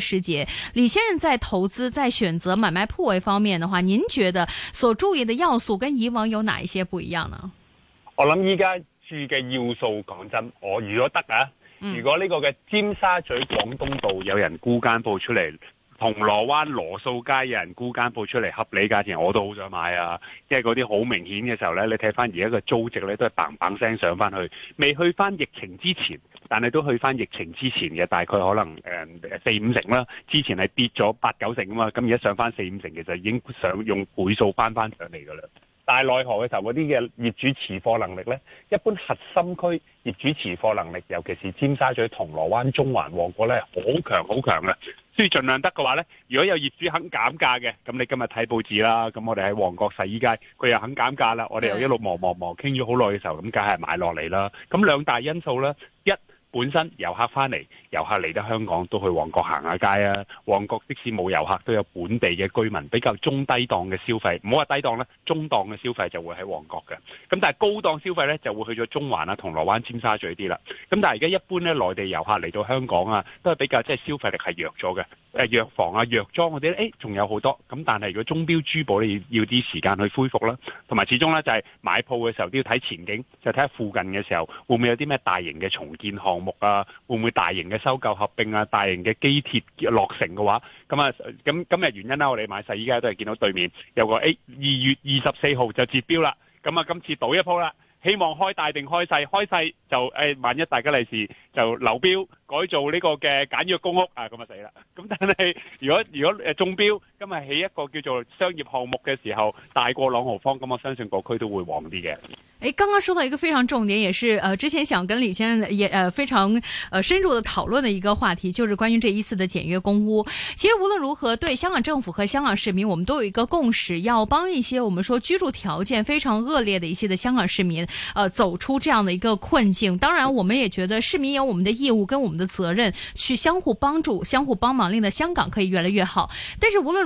時李先生在投資、在選擇買賣鋪位方面的話，您覺得所注意的要素跟以往有哪一些不一樣呢？我諗依家住嘅要素，講真，我如果得啊，嗯、如果呢個嘅尖沙咀廣東道有人沽間鋪出嚟，銅鑼灣羅素街有人沽間鋪出嚟，合理價錢我都好想買啊！即係嗰啲好明顯嘅時候咧，你睇翻而家個租值咧都係嘭嘭聲上翻去，未去翻疫情之前，但係都去翻疫情之前嘅大概可能誒、呃、四五成啦，之前係跌咗八九成啊嘛，咁而家上翻四五成，其實已經想用倍數翻翻上嚟㗎喇。但係奈何嘅時候嗰啲嘅業主持貨能力呢，一般核心區業主持貨能力，尤其是尖沙咀、銅鑼灣、中環、旺角呢，好強好強嘅。所以盡量得嘅話呢，如果有業主肯減價嘅，咁你今日睇報紙啦，咁我哋喺旺角洗衣街，佢又肯減價啦，我哋又一路望望望，傾咗好耐嘅時候，咁梗係買落嚟啦。咁兩大因素呢，一本身遊客翻嚟，遊客嚟得香港都去旺角行下街啊！旺角即使冇遊客，都有本地嘅居民比較中低檔嘅消費，唔好話低檔啦，中檔嘅消費就會喺旺角嘅。咁但係高檔消費呢，就會去咗中環啊、銅鑼灣、尖沙咀啲啦。咁但係而家一般呢，內地遊客嚟到香港啊，都係比較即係、就是、消費力係弱咗嘅。誒、啊、藥房啊、藥妝嗰啲咧，仲、哎、有好多，咁但係如果鐘錶珠寶你要啲時間去恢復啦，同埋始終咧就係、是、買鋪嘅時候都要睇前景，就睇下附近嘅時候會唔會有啲咩大型嘅重建項目啊，會唔會大型嘅收購合併啊，大型嘅機鐵落成嘅話，咁啊，咁今日原因啦，我哋買晒，依家都係見到對面有個誒二、哎、月二十四號就截標啦，咁啊今次賭一鋪啦。希望開大定開細，開細就誒萬一大家利是就流標，改做呢個嘅簡約公屋啊，咁啊死啦！咁但係如果如果誒中標。今日起一個叫做商業項目嘅時候，大過朗豪坊，咁我相信各區都會旺啲嘅。誒、哎，剛剛說到一個非常重點，也是，呃之前想跟李先生也，呃非常，呃、深入的討論的一個話題，就是關於這一次的簡約公屋。其實無論如何，對香港政府和香港市民，我們都有一個共識，要幫一些我們說居住條件非常惡劣的一些的香港市民，呃走出這樣的一個困境。當然，我們也覺得市民有我們的義務跟我們的責任去相互幫助、相互幫忙，令到香港可以越來越好。但是無論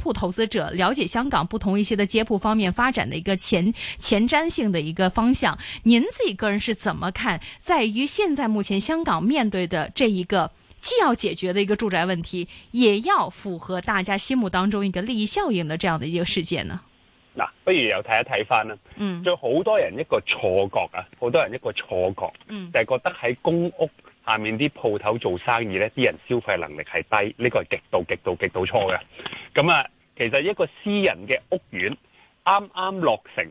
鋪投資者了解香港不同一些的街鋪方面發展的一個前前瞻性的一個方向，您自己個人是怎麼看？在於現在目前香港面對的這一個既要解決的一個住宅問題，也要符合大家心目當中一個利益效應的這樣的一個事件呢，啊？不如又睇一睇翻啦。嗯，好多人一個錯覺啊，好，嗯、多人一個錯覺，嗯，就係覺得喺公屋。下面啲鋪頭做生意呢啲人消費能力係低，呢個係極度極度極度錯嘅。咁啊，其實一個私人嘅屋苑啱啱落成，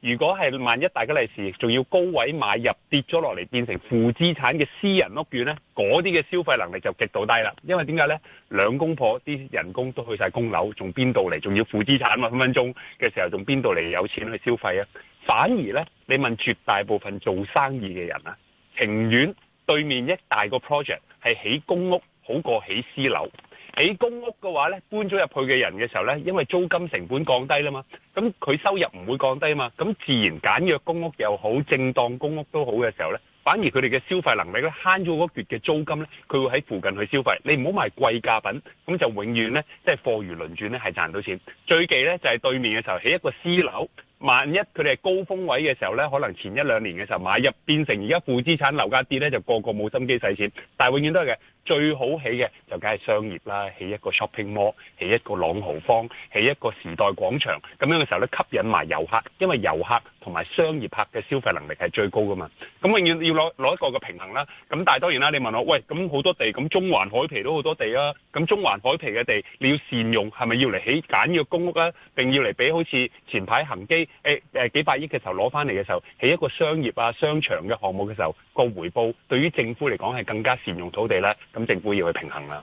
如果係萬一大家利是，仲要高位買入跌咗落嚟，變成負資產嘅私人屋苑呢，嗰啲嘅消費能力就極度低啦。因為點解呢？兩公婆啲人工都去晒供樓，仲邊度嚟？仲要負資產啊？分分鐘嘅時候，仲邊度嚟有錢去消費啊？反而呢，你問絕大部分做生意嘅人啊，情願。對面一大個 project 係起公屋好過起私樓，起公屋嘅話咧，搬咗入去嘅人嘅時候咧，因為租金成本降低啦嘛，咁佢收入唔會降低啊嘛，咁自然簡約公屋又好，正當公屋都好嘅時候咧，反而佢哋嘅消費能力咧慳咗個月嘅租金咧，佢會喺附近去消費。你唔好賣貴價品，咁就永遠咧即係貨如輪轉咧，係賺到錢。最忌咧就係對面嘅時候起一個私樓。萬一佢哋係高峰位嘅時候咧，可能前一兩年嘅時候買入，變成而家負資產，樓價跌咧就個個冇心機使錢，但係永遠都係嘅。最好起嘅就梗係商業啦，起一個 shopping mall，起一個朗豪坊，起一個時代廣場咁樣嘅時候咧，吸引埋遊客，因為遊客同埋商業客嘅消費能力係最高噶嘛。咁永遠要攞攞一個嘅平衡啦。咁但係當然啦，你問我喂，咁好多地，咁中環海皮都好多地啊。咁中環海皮嘅地，你要善用係咪要嚟起簡約公屋啊？定要嚟俾好似前排恆基誒誒幾百億嘅時候攞翻嚟嘅時候，起一個商業啊商場嘅項目嘅時候，個回報對於政府嚟講係更加善用土地啦。咁政府要去平衡啦。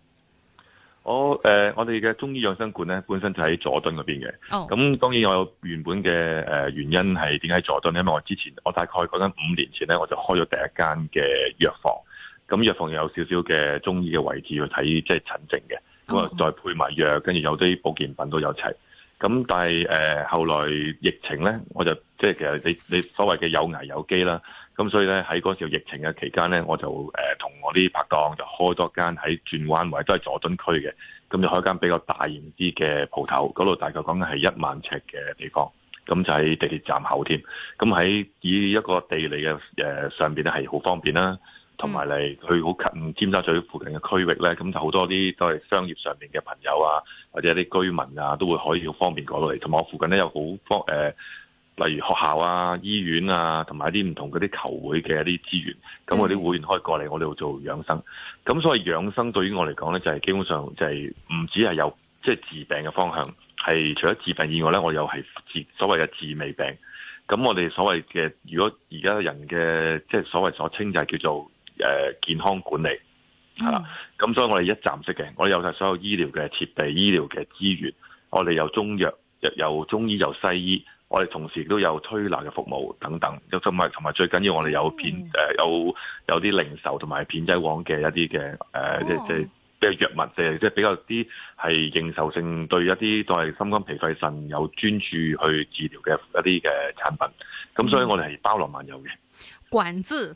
我誒、呃、我哋嘅中醫養生館咧，本身就喺佐敦嗰邊嘅。咁、oh. 當然我有原本嘅原因係點解喺佐敦呢？因為我之前我大概講緊五年前咧，我就開咗第一間嘅藥房。咁藥房有少少嘅中醫嘅位置去睇，即係診症嘅，咁啊再配埋藥，跟住、oh. 有啲保健品都有齊。咁但係誒、呃、後來疫情咧，我就即係其實你你所謂嘅有危有機啦。咁所以咧，喺嗰時疫情嘅期間咧，我就誒同、呃、我啲拍檔就開多間喺轉彎位，都係佐敦區嘅。咁就開一間比較大型啲嘅鋪頭，嗰度大概講緊係一萬呎嘅地方。咁就喺地鐵站口添。咁喺以一個地理嘅、呃、上面咧係好方便啦、啊。同埋嚟去好近尖沙咀附近嘅區域咧，咁就好多啲都係商業上面嘅朋友啊，或者一啲居民啊，都會可以好方便過到嚟。同埋我附近咧有好方、呃例如學校啊、醫院啊，同埋一啲唔同嗰啲球會嘅一啲資源，咁我啲會員開過嚟，我哋度做養生。咁所以養生對於我嚟講呢，就係、是、基本上就係唔止係有即係、就是、治病嘅方向，係除咗治病以外呢，我又係治所謂嘅治未病。咁我哋所謂嘅，如果而家人嘅即係所謂所稱就係叫做誒健康管理，係啦、嗯。咁所以我哋一站式嘅，我哋有晒所有醫療嘅設備、醫療嘅資源，我哋有中藥、有中醫、有西醫。我哋同時都有推拿嘅服務等等，咁同埋最緊要我哋有片誒、嗯呃、有有啲零售同埋片仔癀嘅一啲嘅誒即即比較藥物，即係即係比較啲係認受性對一啲都係心肝脾肺腎有專注去治療嘅一啲嘅產品，咁所以我哋係包羅萬有嘅、嗯。管治。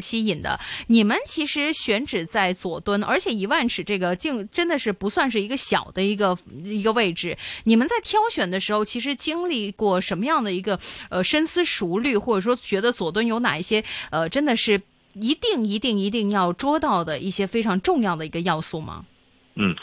吸引的，你們其實選址在佐敦，而且一萬尺這個竟真的是不算是一個小的一個一個位置。你們在挑選的時候，其實經歷過什麼樣的一個呃深思熟慮，或者說覺得佐敦有哪一些呃真的是一定一定一定要捉到的一些非常重要的一個要素嗎？嗯，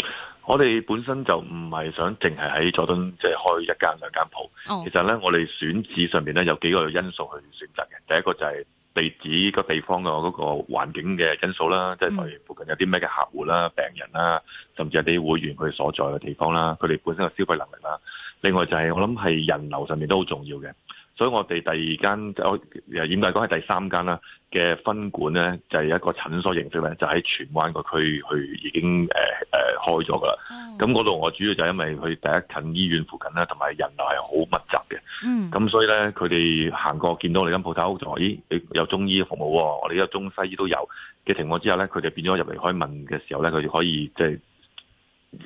我哋本身就唔係想淨係喺佐敦即係開一間兩間鋪。其實咧，我哋選址上面咧有幾個因素去選擇嘅。第一個就係。地址個地方嘅嗰個環境嘅因素啦，即係例如附近有啲咩嘅客戶啦、病人啦，甚至係啲會員佢所在嘅地方啦，佢哋本身嘅消費能力啦。另外就係、是、我諗係人流上面都好重要嘅，所以我哋第二間我誒，嚴格講係第三間啦嘅分館咧，就係一個診所形式咧，就喺荃灣個區去已經誒誒開咗噶喇。咁嗰度我主要就係因為佢第一近醫院附近啦，同埋人流係好密集嘅。咁、mm. 所以咧，佢哋行過見到我哋間鋪頭，就話：咦，有中醫服務喎、哦！我哋有中西醫都有嘅情況之下咧，佢哋變咗入嚟可以問嘅時候咧，佢哋可以即係。即係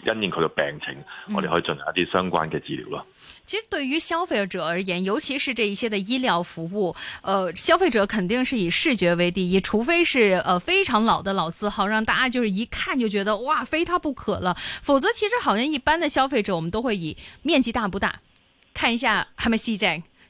因應佢嘅病情，我哋可以進行一啲相關嘅治療咯。嗯。其實對於消費者而言，尤其是這一些嘅醫療服務，呃，消費者肯定是以視覺為第一，除非是呃非常老的老字號，讓大家就是一看就覺得哇非他不可了，否則其實好像一般的消費者，我們都會以面積大不大，看一下係咪細仔。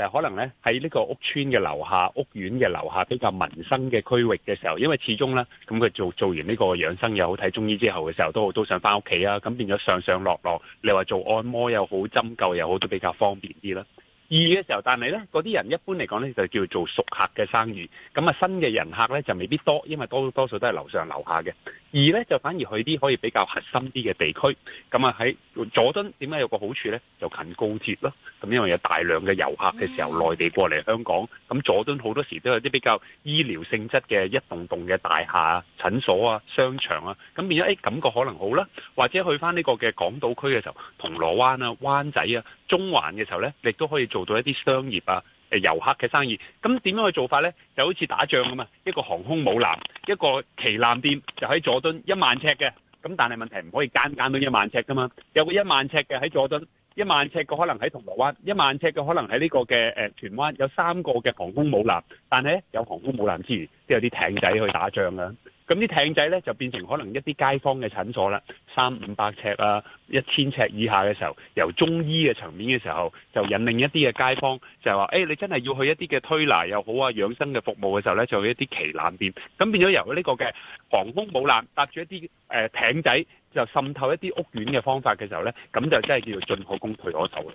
誒，可能咧喺呢個屋村嘅樓下，屋苑嘅樓下比較民生嘅區域嘅時候，因為始終咧，咁、嗯、佢做做完呢個養生又好、睇中醫之後嘅時候，都都想翻屋企啊，咁變咗上上落落，你話做按摩又好，針灸又好，都比較方便啲啦。二嘅時候，但係咧嗰啲人一般嚟講咧，就叫做熟客嘅生意，咁啊新嘅人客咧就未必多，因為多多數都係樓上樓下嘅。二咧就反而去啲可以比較核心啲嘅地區，咁啊喺佐敦點解有個好處呢？就近高鐵啦。咁因為有大量嘅遊客嘅時候，mm. 內地過嚟香港，咁佐敦好多時都有啲比較醫療性質嘅一棟棟嘅大廈啊，診所啊，商場啊，咁變咗誒，哎、感覺可能好啦，或者去返呢個嘅港島區嘅時候，銅鑼灣啊，灣仔啊，中環嘅時候呢，亦都可以做到一啲商業啊。遊客嘅生意，咁點樣嘅做法呢？就好似打仗咁啊，一個航空母艦，一個旗艦店就喺佐敦，一萬尺嘅。咁但係問題唔可以間間到一萬尺㗎嘛，有一個一萬尺嘅喺佐敦。一萬尺嘅可能喺銅鑼灣，一萬尺嘅可能喺呢個嘅誒，荃灣有三個嘅航空母艦，但係有航空母艦之餘，都有啲艇仔去打仗啊！咁啲艇仔呢，就變成可能一啲街坊嘅診所啦，三五百尺啊，一千尺以下嘅時候，由中醫嘅層面嘅時候，就引領一啲嘅街坊就係話，誒，你真係要去一啲嘅推拿又好啊，養生嘅服務嘅時候呢，就去一啲旗艦店。咁變咗由呢個嘅航空母艦搭住一啲誒艇仔。就滲透一啲屋苑嘅方法嘅時候咧，咁就真係叫做進可攻退可守啦。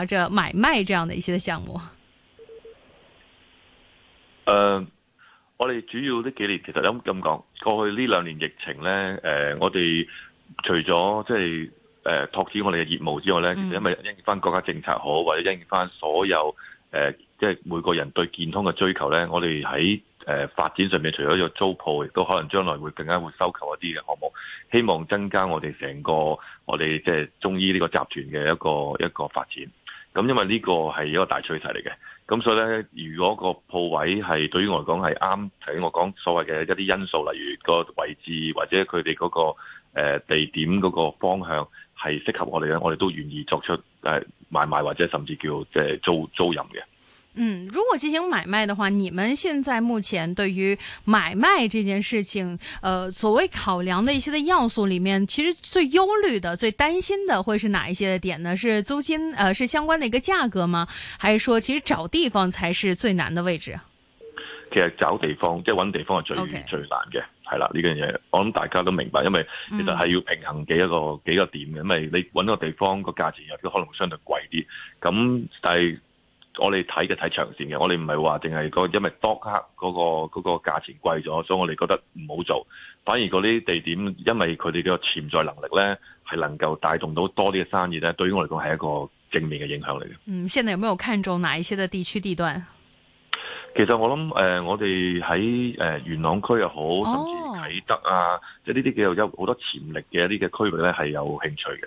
或者買賣這樣的一些的項目，誒、呃，我哋主要呢幾年其實咁咁講，過去呢兩年疫情呢，誒、呃，我哋除咗即係誒拓展我哋嘅業務之外呢，其實因為因應翻國家政策好，或者因應翻所有誒，即、呃、係、就是、每個人對健康嘅追求呢，我哋喺誒發展上面除咗做租鋪，亦都可能將來會更加會收購一啲嘅項目，希望增加我哋成個我哋即係中醫呢個集團嘅一個一個發展。咁因為呢個係一個大趨勢嚟嘅，咁所以呢，如果個鋪位係對於我嚟講係啱，睇我講所謂嘅一啲因素，例如個位置或者佢哋嗰個、呃、地點嗰個方向係適合我哋咧，我哋都願意作出誒買賣，賣或者甚至叫即係租租賃嘅。嗯，如果進行買賣的話，你們現在目前對於買賣這件事情，呃，所謂考量的一些的要素裏面，其實最憂慮的、最擔心的會是哪一些的點呢？是租金？呃，是相關的一個價格嗎？還是說，其實找地方才是最難的位置？其實找地方，即係揾地方係最 Okay. 最難嘅，係啦，呢樣嘢我諗大家都明白，因為其實係要平衡幾一個、嗯、幾個點嘅，因為你揾個地方個價錢又都可能會相對貴啲，咁但係。我哋睇嘅睇長線嘅，我哋唔係話淨係嗰，因為 Dock 嗰、那個嗰、那個價錢貴咗，所以我哋覺得唔好做。反而嗰啲地點，因為佢哋嘅個潛在能力咧，係能夠帶動到多啲嘅生意咧，對於我嚟講係一個正面嘅影響嚟嘅。嗯，現在有冇有看中哪一些嘅地區地段？其實我諗誒、呃，我哋喺誒元朗區又好，甚至啟德啊，即係呢啲幾有有好多潛力嘅一啲嘅區域咧，係有興趣嘅。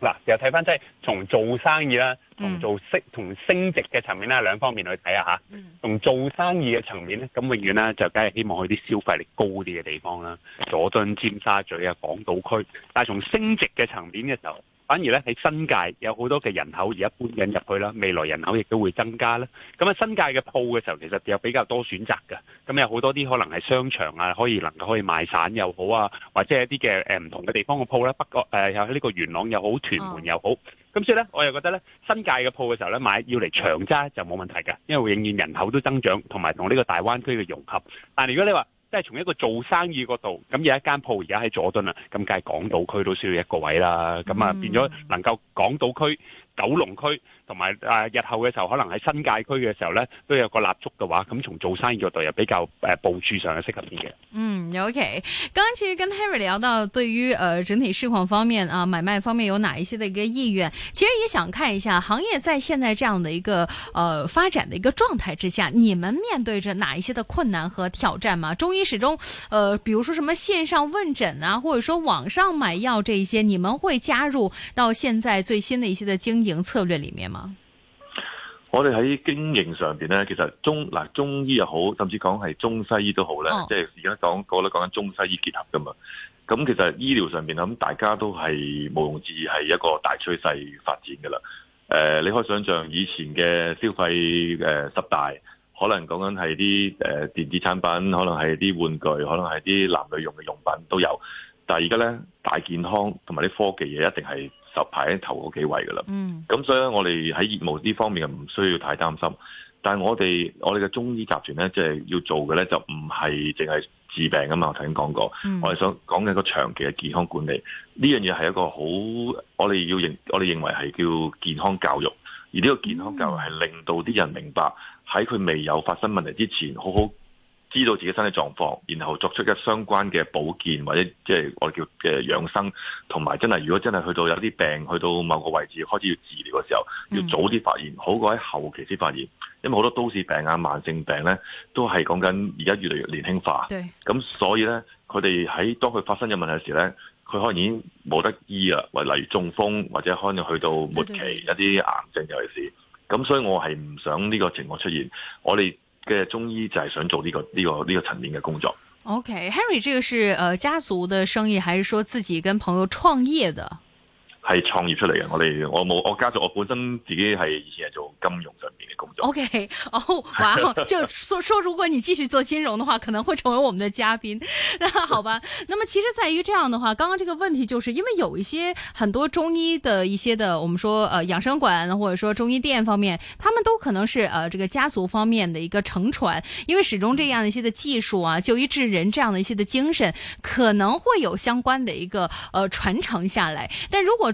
嗱，又睇翻，即係從做生意啦，同做升同升值嘅層面啦，兩方面去睇下吓。從做生意嘅層面咧，咁永遠咧就梗係希望去啲消費力高啲嘅地方啦，佐敦、尖沙咀啊、港島區。但係從升值嘅層面嘅時候。反而咧喺新界有好多嘅人口而家搬緊入去啦，未來人口亦都會增加啦。咁啊新界嘅鋪嘅時候，其實有比較多選擇嘅，咁有好多啲可能係商場啊，可以能夠可以賣散又好啊，或者係一啲嘅唔同嘅地方嘅鋪啦。不過誒有喺呢個元朗又好，屯門又好，咁、啊、所以咧我又覺得咧新界嘅鋪嘅時候咧買要嚟長揸就冇問題嘅，因為永遠人口都增長，同埋同呢個大灣區嘅融合。但係如果你話，即係從一個做生意嗰度，咁有一間鋪而家喺佐敦啊，咁梗係港島區都需要一個位啦，咁啊變咗能夠港島區。九龍區同埋啊，日後嘅時候可能喺新界區嘅時候咧都有個立足嘅話，咁從做生意角度又比較誒部署上係適合啲嘅。嗯，OK，剛剛其實跟 Henry 聊到，對於誒整體市況方面啊，買賣方面有哪一些的一個意願？其實也想看一下，行業在現在這樣的一個呃發展的一個狀態之下，你們面對着哪一些的困難和挑戰嘛？中醫始終，呃比如說什麼線上問診啊，或者說網上買藥這一些，你們會加入到現在最新的一些的經經營策略裏面嘛，我哋喺經營上邊咧，其實中嗱中醫又好，甚至講係中西醫也好，哦、都好咧，即係而家講講咧講緊中西醫結合噶嘛。咁其實醫療上邊咁大家都係毋庸置疑係一個大趨勢發展噶啦。誒、呃，你可以想象以前嘅消費誒十大，可能講緊係啲誒電子產品，可能係啲玩具，可能係啲男女用嘅用品都有。但係而家咧，大健康同埋啲科技嘢一定係就排喺頭嗰幾位噶啦，咁、嗯、所以咧，我哋喺業務呢方面唔需要太擔心。但係我哋我哋嘅中醫集團咧，即、就、係、是、要做嘅咧，就唔係淨係治病噶嘛。我頭先講過，嗯、我哋想講嘅一個長期嘅健康管理呢樣嘢係一個好，我哋要認我哋認為係叫健康教育，而呢個健康教育係令到啲人明白喺佢未有發生問題之前，好好。知道自己的身體狀況，然後作出一相關嘅保健或者即係我哋叫嘅養生，同埋真係如果真係去到有啲病，去到某個位置開始要治療嘅時候，要早啲發現，嗯、好過喺後期先發現。因為好多都市病啊、慢性病咧，都係講緊而家越嚟越年輕化。咁對 所以咧，佢哋喺當佢發生有問題的時咧，佢可能已經冇得醫啊，或例如中風或者可能去到末期，對對對，一啲癌症尤其是。咁所以我係唔想呢個情況出現。我哋。嘅中醫就係想做呢個呢個呢個層面嘅工作。OK，Henry，、okay, 這個是呃家族嘅生意，還是說自己跟朋友創業的？係創業出嚟嘅，我哋我冇我家族，我本身自己係以前係做金融上邊嘅工作。OK，哦，哇，就說說如果你繼續做金融的話，可能會成為我們的嘉賓，那 好吧。那麼其實在於這樣的話，剛剛這個問題，就是因為有一些很多中醫的一些的，我們說呃養生館，或者說中醫店方面，他們都可能是呃這個家族方面的一個承傳，因為始終這樣一些嘅技術啊，就醫治人這樣的一些的精神，可能會有相關的一個呃傳承下來。但如果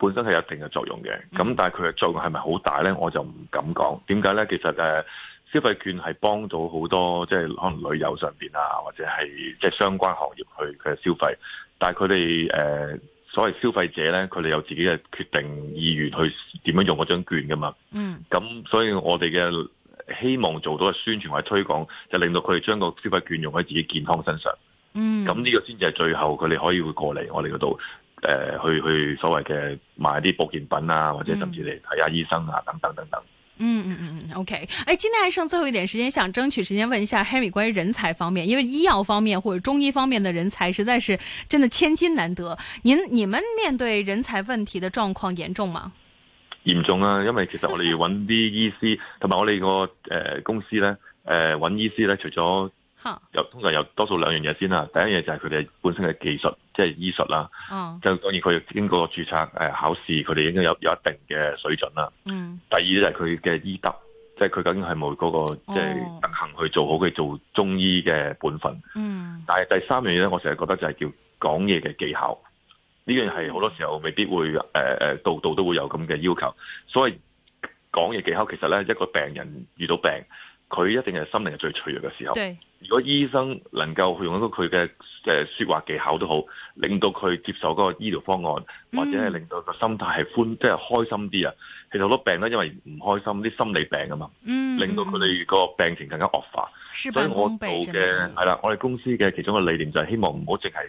本身係有一定嘅作用嘅，咁但係佢嘅作用係咪好大呢？我就唔敢講。點解呢？其實誒，消費券係幫到好多，即係可能旅遊上面啊，或者係即係相關行業去嘅消費。但係佢哋誒所謂消費者呢，佢哋有自己嘅決定意願去點樣用嗰張券噶嘛。嗯。咁所以我哋嘅希望做到嘅宣傳或者推廣，就令到佢哋將個消費券用喺自己健康身上。嗯。咁呢個先至係最後佢哋可以會過嚟我哋嗰度。誒、呃，去去所謂嘅買啲保健品啊，或者甚至嚟睇下醫生啊，嗯、等等等等。嗯嗯嗯嗯，OK。誒，今天還剩最後一點時間，想爭取時間問一下 Henry 關於人才方面，因為醫藥方面或者中醫方面的人才，實在是真的千金難得。您你，你們面對人才問題的狀況嚴重嗎？嚴重啊，因為其實我哋要揾啲醫師，同埋 我哋個誒公司咧，誒、呃、揾醫師咧，除咗。有哈通常有多數兩樣嘢先啦，第一樣嘢就係佢哋本身嘅技術，即係醫術啦。哦，就當然佢經過注冊誒、呃、考試，佢哋應該有有一定嘅水準啦。嗯。第二咧就係佢嘅醫德，即係佢究竟係冇嗰個、哦、即係德行去做好佢做中醫嘅本分。嗯。但係第三樣嘢咧，我成日覺得就係叫講嘢嘅技巧，呢樣係好多時候未必會誒誒度度都會有咁嘅要求。所謂講嘢技巧，其實咧一個病人遇到病。佢一定係心靈係最脆弱嘅時候。對如果醫生能夠用到佢嘅誒説話技巧都好，令到佢接受嗰個醫療方案，嗯、或者係令到個心態係歡，即、就、係、是、開心啲啊。其實好多病咧，因為唔開心，啲心理病啊嘛，嗯、令到佢哋個病情更加惡化。所以我做嘅係啦，我哋公司嘅其中個理念就係希望唔好淨係。